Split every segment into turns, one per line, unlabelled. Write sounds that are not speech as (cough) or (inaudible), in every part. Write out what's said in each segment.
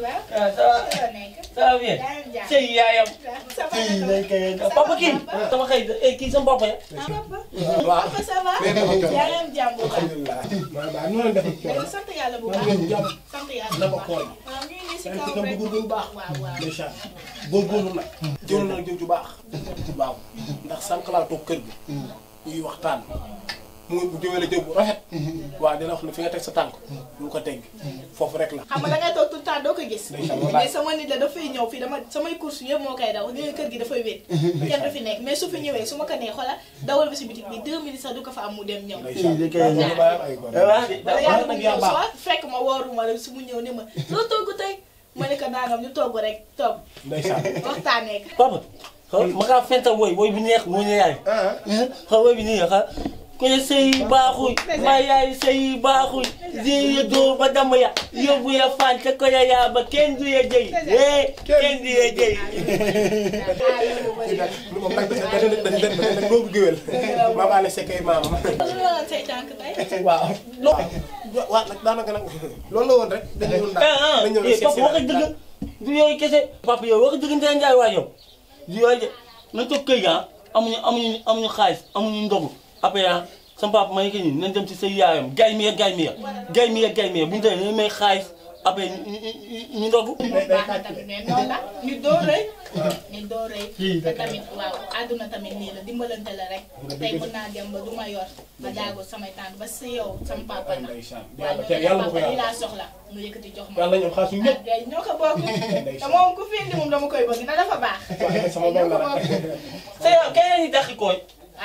waaw ça va
ça va bien. sëy yaayam. sëy lay kay papa kii. sama xëy kii sama papa ya.
waaw papa ça va. yaa ngi am jàmm bu
baax. alhamdulilah noonu la nga
sant yàlla bu baax sant yàlla bu baax. waaw ñu ngi bu baax. waaw waaw
incha kër gi. kuy waxtaan. mu jëmale jëw bu rafet. waaw dina wax ne fi nga teg sa tànk. lu ko tegg foofu rek la. xam na dangay toog tout le temps doo
sama nit la dafay ñëw fii dama samay course moo koy daw léegi kër gi dafay fi nekk mais su fi ñëwee su ma ko nee xoolal dawal ba ko fa am mu dem ñëw. fekk ma wooru ma su mu ñëw ne ma loo togg tey ma ne ko daanam ñu togg rek toog. waxtaanee ko.
papa xaw ma kaa fenta wooy wooy bi neex moo ñu yaay. Ah. xaw wooy bi nii xa kone sëy baaxuy ma yaay sëy baaxuy zin ya dóor ba dama ya yóbbu ya fante ko ya yaa ba kenn du ya jëy eh kenn du ya jëy
boobu géwél maama la sekkay maama waaw waaw nag daanaka nag
loolu la woon rek dañu ñëw ndax papa wax dëgg du yooyu kese papa yow wax dëgg Ndeye Ndiaye waay yow du yooyu de na toog kër ga ah, amuñu amuñu amuñu xaalis amuñu ndogu après sama papa may ko nii nañ dem si say yaayam gay mi gay mi gay mi gay mi bu ñu demee may xaalis après ñu ndogu.
ñu door rek. ñu door rek. te tamit waaw àdduna tamit nii la dimbalante la rek. tey mën naa dem ba du ma yor. ma daagoo samay tànk ba sa yow sama papa na. waaw papa li laa soxla mu yëkkati jox ma.
yàlla ñoom xaalis ñu ñëpp. Ah,
gay ñoo ko bokk. (laughs) te moom ku fi indi moom dama koy bëgg na dafa baax.
(laughs) sama bopp la rek ñoo ko bokk. te yow keneen ñi taxi kooy.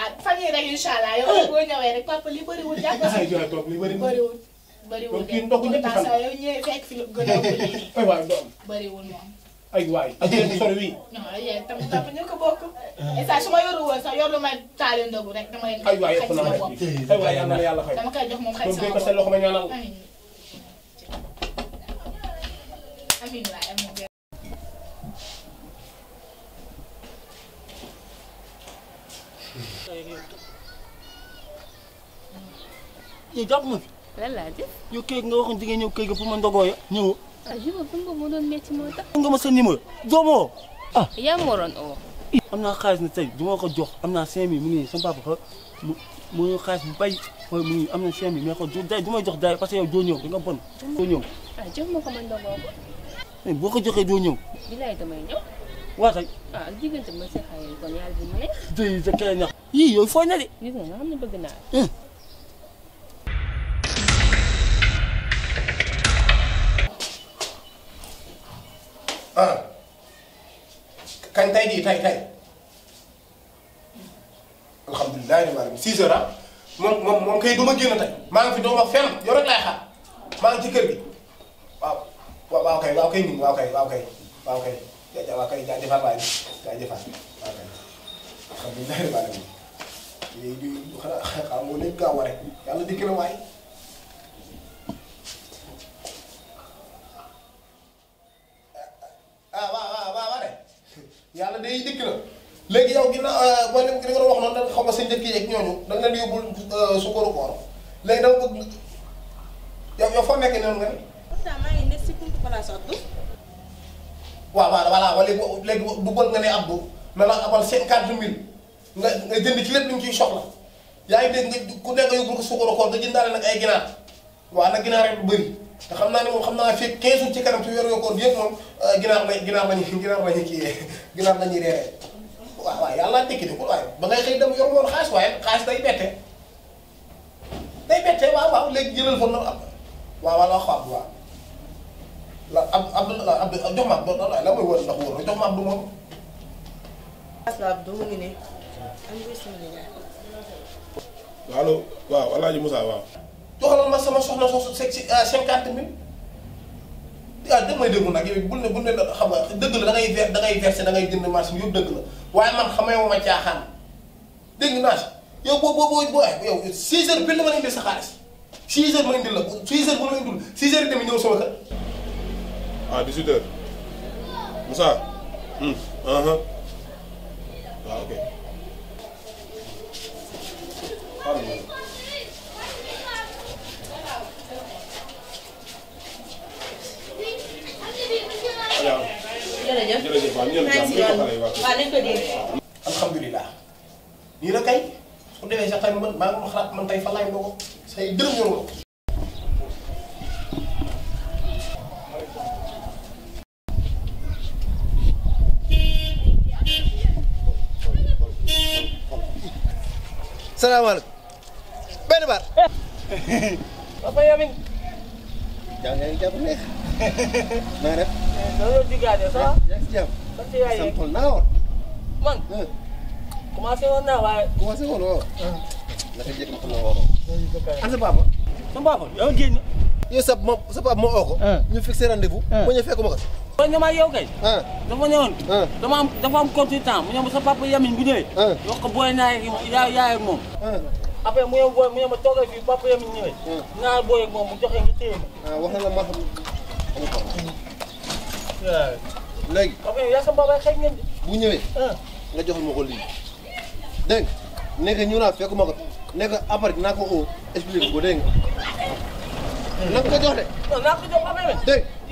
ah fan yii rek incha allah yow boo ñëwee rek papa li bëriwul jàpp si.
li bëriwul.
bëriwul de pourtant saa yow ñëwee fekk fi lu gën a bëriwul moom.
ay waay ak yeneen sori wi.
non yéen tam tam ñu ko bokk. et ça su ma yoru woon sax yoru ma taale ndogu rek dama leen. ay waay yëpp naa xaj si ma bopp na yàlla xay dama koy jox moom xaj sama bopp. amiin amiin waay amiin. yow jàpp ma fi. lan laa def.
yow nga waxoon di nga ñëw kër ga pour ma ndogoo ya. ñëwoo.
ah je me doon métti moo tax.
nga ma sa numéro. doomoo
ah. yaa ngi oo.
am naa xaalis na tey du ma ko jox am naa cinq mille mu ngi nii sama mu mu ngi xaalis bu bay mooy mu ngi am na cinq mille mais day du yow doo ñëw da nga bon. waa kay.
ah diggante ma si xëy na kon yàlla bu mu neex.
tey sa kër ñax. yii yooyu fooy na de.
gis nga nga xam ne bëgg naa la.
Eh.
ah kañ tay jii tay tay alhamdulilah ni maanaam six heures ah moom moom moom kay du ma génn tey maa ngi fi doom wax fenn yow rek laay xaar maa ngi ci kër gi waaw waaw kay waaw kay ñun waaw kay waaw kay waaw kay. jaajëf waaw kay jaajëfaat waaye jaajëfaat waaw kay alhamdulilah rabbil alamin yooyu du xanaa moo leen gaaw a rek yàlla dikk na waay. ah waaw waaw waaw de yàlla day dikk na
léegi yow ginnaaw ah, boo leen gën a wax noonu da nga xaw ma sa njëkk yeeg
ñooñu da nga leen yóbbul ah, sukkaru koor léegi dama bëgg yow yow foo nekk noonu nga ne.
pourtant maa ngi nekk si Koungheul
waaw waaw voilà wala léegi bëggoon nga ne Abdou na la abal cinquante mille nga nga jënd ci lépp lu ñu yaa ngi dégg nga ku nekk nga yóbbul ko suukaru koor nga ay ginaar waaw nag ginaar rek du xam naa ne moom xam naa fii 15 ci kanam ci weeru koor bi yëpp moom euh, ginaar la ginaar la ñuy ginaar la ñuy (laughs) ñuy reeree waaw waaw yàlla tekki di ko ba ngay xëy dem yor woon xaalis waaye xaalis day bette day bette waaw waaw léegi jëlal am waaw waaw la wax waaw la ab ab ab jox ma ab doon la la mooy wër ndax wër jox ma ab du moom. Abdou mu ngi ne. allo waaw El Hadj Moussa waaw. joxaloon ma sama soxna soosu seg si à euh, cinquante mille. ah dëgg may déglu nag yow bul ne bul ne xam nga dëgg la da ngay ver da ngay versé da ngay jënd dëgg la waaye man xamee ma caaxaan dégg naa si yow boo boo boo yow 6 heures pile la ma indi sa xaalis 6 heures ma indil la 6 heures bu ma indil 6 heures yi tamit ñëw sama kër. à 18 heures Moussa. waaw hmm. uh-huh. ah, ok.
jërëjëf jërëjëf
waaw ñu ko alhamdulilah. nii la kay su defee sax tey man maa ngi xalaat man tey fa laay bokk say dërëm
salaamaaleykum. benn baat. papa Yamin. jaa ngi jàpp neex. naa def. loolu digaate sax. yaa ngi si jàmm. sant yaay sa papa. sa papa yow génn. yow sa ma sa papa ma oo ah. ñu fixé rendez-vous. Ah. ma ñëw fekkuma booy nga ma yow kay. Eh. dafa ñëwoon. Eh. dama am dafa mu sa papa Yamine bu ñëwee. Eh. wax ko booy naa yeeg yaay yaay ak moom. après mu ñëw booy mu ñëw ma toogee fii papa Yamine ñëwee. naa booy moom mu joxe nga téye ma. wax na la ma sa bu ñëwee.
nga joxal ma ko lii dégg nga nekk ñëw naa fekkuma ko nekk après naa ko oo ko dégg nga.
na nga jox de.
non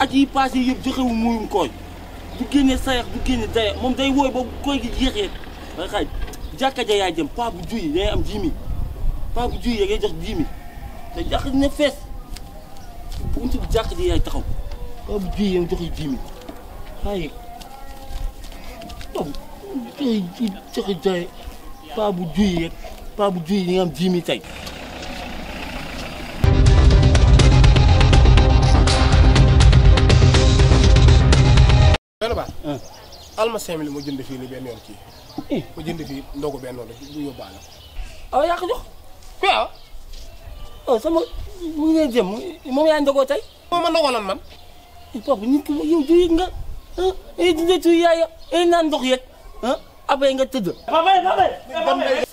at yi passé yëpp joxewu muyum koñ du génne sayax du génne daya moom day wooy boobu koy gi jeexee waaye xaaj jàkka bu juy day am jimi paa bu juy ya ngay jox jimi te jàkka dina fees buntu bi jàkka ja yaay taxaw paa bu juy joxe jimi waaye joxe bu juy yeeg paa juy yi nga am jimi tey
benn baat. Ah. alma cinq mille ma jënd fii nii benn yoon kii. Eh. ma jënd fii ndogu benn yoon rek ñu yóbbaale ko.
ah yaa ko jox. waaw. Ah, sama mu ngi leen moom yaa ndogoo tey. moom ma ndogoon man. Eh, papa nit ki yow juy nga ah ay eh, dina tuuti yaay ah, nga tëdd.